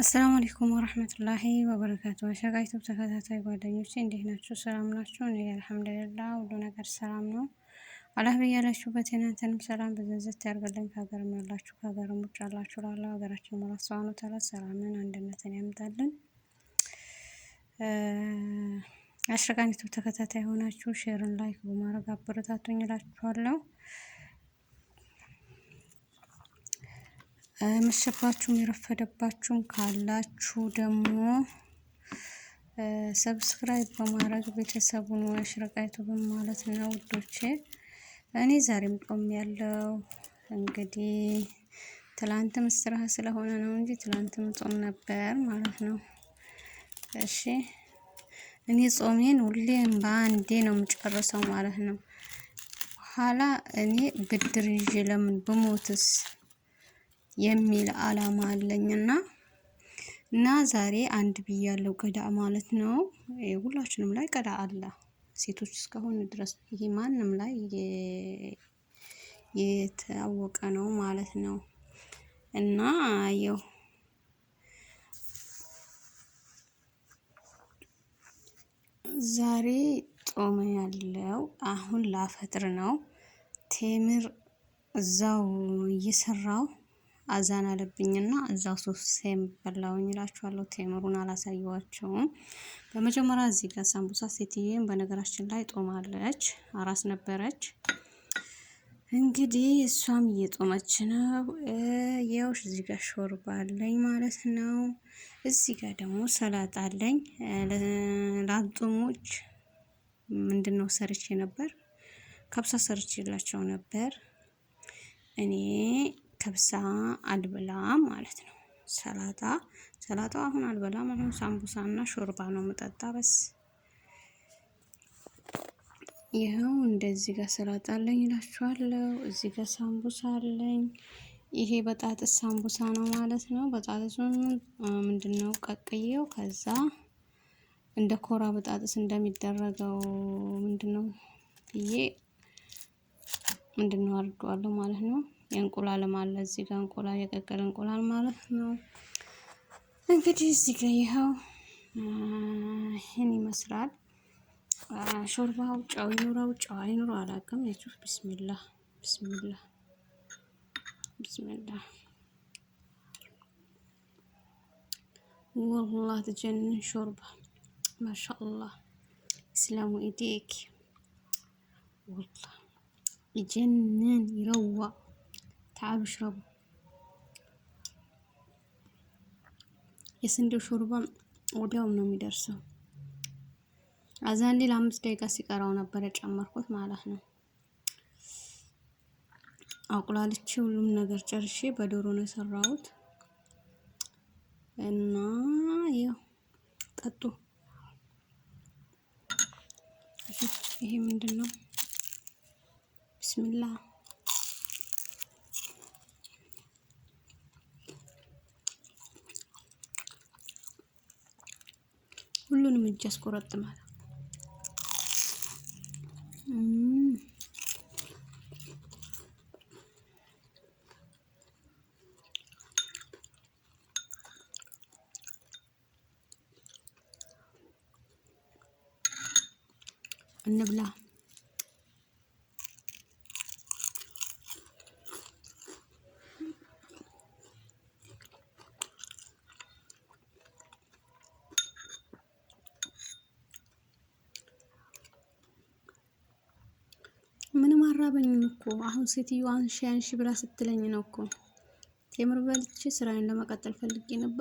አሰላሙ አለይኩም ወረህመቱላሂ ወበረካቱ። አሸጋይ ዩቱብ ተከታታይ ጓደኞች እንዴት ናችሁ? ሰላም ናችሁ? እኔ አልሐምዱሊላህ ሁሉ ነገር ሰላም ነው። አላህ በያላችሁበት የእናንተንም ሰላም በዘንዘት ያርግልን። ከሀገርም ያላችሁ ከሀገርም ውጭ ያላችሁ ላለው ሀገራችን መራሰዋኑ ተረት ሰላምን አንድነትን ያምጣልን። አሽረጋን ዩቱብ ተከታታይ የሆናችሁ ሼርን ላይክ በማድረግ አበረታቱኝ እላችኋለሁ። መሸባችሁም የረፈደባችሁም ካላችሁ ደግሞ ሰብስክራይብ በማድረግ ቤተሰቡን ወሽረቃይቱ በማለት ነው ውዶቼ። እኔ ዛሬም ጦም ያለው እንግዲህ ትላንትም ስራ ስለሆነ ነው እንጂ ትላንትም ጾም ነበር ማለት ነው። እሺ እኔ ጾሜን ሁሌም በአንዴ ነው የምጨርሰው ማለት ነው። ኋላ እኔ ብድር ይዤ ለምን ብሞትስ የሚል አላማ አለኝና እና ዛሬ አንድ ብያለው ቀዳ ማለት ነው። ሁላችንም ላይ ቀዳ አለ ሴቶች እስከሆነ ድረስ ይሄ ማንም ላይ የታወቀ ነው ማለት ነው። እና ያው ዛሬ ጾም ያለው አሁን ላፈጥር ነው። ቴምር እዛው እየሰራው አዛን አለብኝ እና እዛው ሶስት ሴም በላውኝ እላችኋለሁ። ቴምሩን አላሳየዋቸውም። በመጀመሪያ እዚህ ጋር ሳምቡሳ ሴትዬም በነገራችን ላይ ጦማለች፣ አራስ ነበረች። እንግዲህ እሷም እየጦመች ነው። የውሽ እዚህ ጋር ሾርባ አለኝ ማለት ነው። እዚህ ጋር ደግሞ ሰላጣ አለኝ። ላልጦሞች ምንድን ነው ሰርቼ ነበር፣ ካብሳ ሰርቼላቸው ነበር እኔ ከብሳ አልብላ ማለት ነው። ሰላጣ ሰላጣው አሁን አልበላ ማለት ሳምቡሳ እና ሾርባ ነው የምጠጣ በስ ይኸው እንደዚህ ጋር ሰላጣ አለኝ እላችኋለሁ። እዚህ ጋር ሳምቡሳ አለኝ። ይሄ በጣጥስ ሳምቡሳ ነው ማለት ነው። በጣጥሱን ምንድን ነው ቀቅዬው ከዛ እንደ ኮራ በጣጥስ እንደሚደረገው ምንድን ነው ብዬ እንድናወርደዋለሁ ማለት ነው። የእንቁላልም አለ እዚህ ጋር እንቁላል የቀቀለ እንቁላል ማለት ነው። እንግዲህ እዚህ ጋር ይኸው ይህን ይመስላል። ሾርባው ጨው ይኑረው ጨው አይኑረው አላውቅም። የቱፍ ብስሚላ ብስሚላ ብስሚላ ወላህ ትጀንን ሾርባ ማሻአላህ ኢስላሙ ኢዴክ ወላህ يجنن يروق تعالوا اشربوا የስንዴው ሾርባ ወዲያውም ነው የሚደርሰው። አዛንዴ ለአምስት ደቂቃ ሲቀራው ነበር የጨመርኩት ማለት ነው። አቁላልቼ ሁሉም ነገር ጨርሼ በዶሮ ነው የሰራሁት እና ያው ጠጡ። ይሄ ምንድን ነው? ብስሚላ ሁሉንም እጅ ያስቆረጥማል። እንብላ። አራበኝም እኮ አሁን ሴትዮዋ አንሺ አንሺ ብላ ስትለኝ ነው እኮ ቴምር በልቼ ስራዬን ለመቀጠል ፈልጌ ነበር።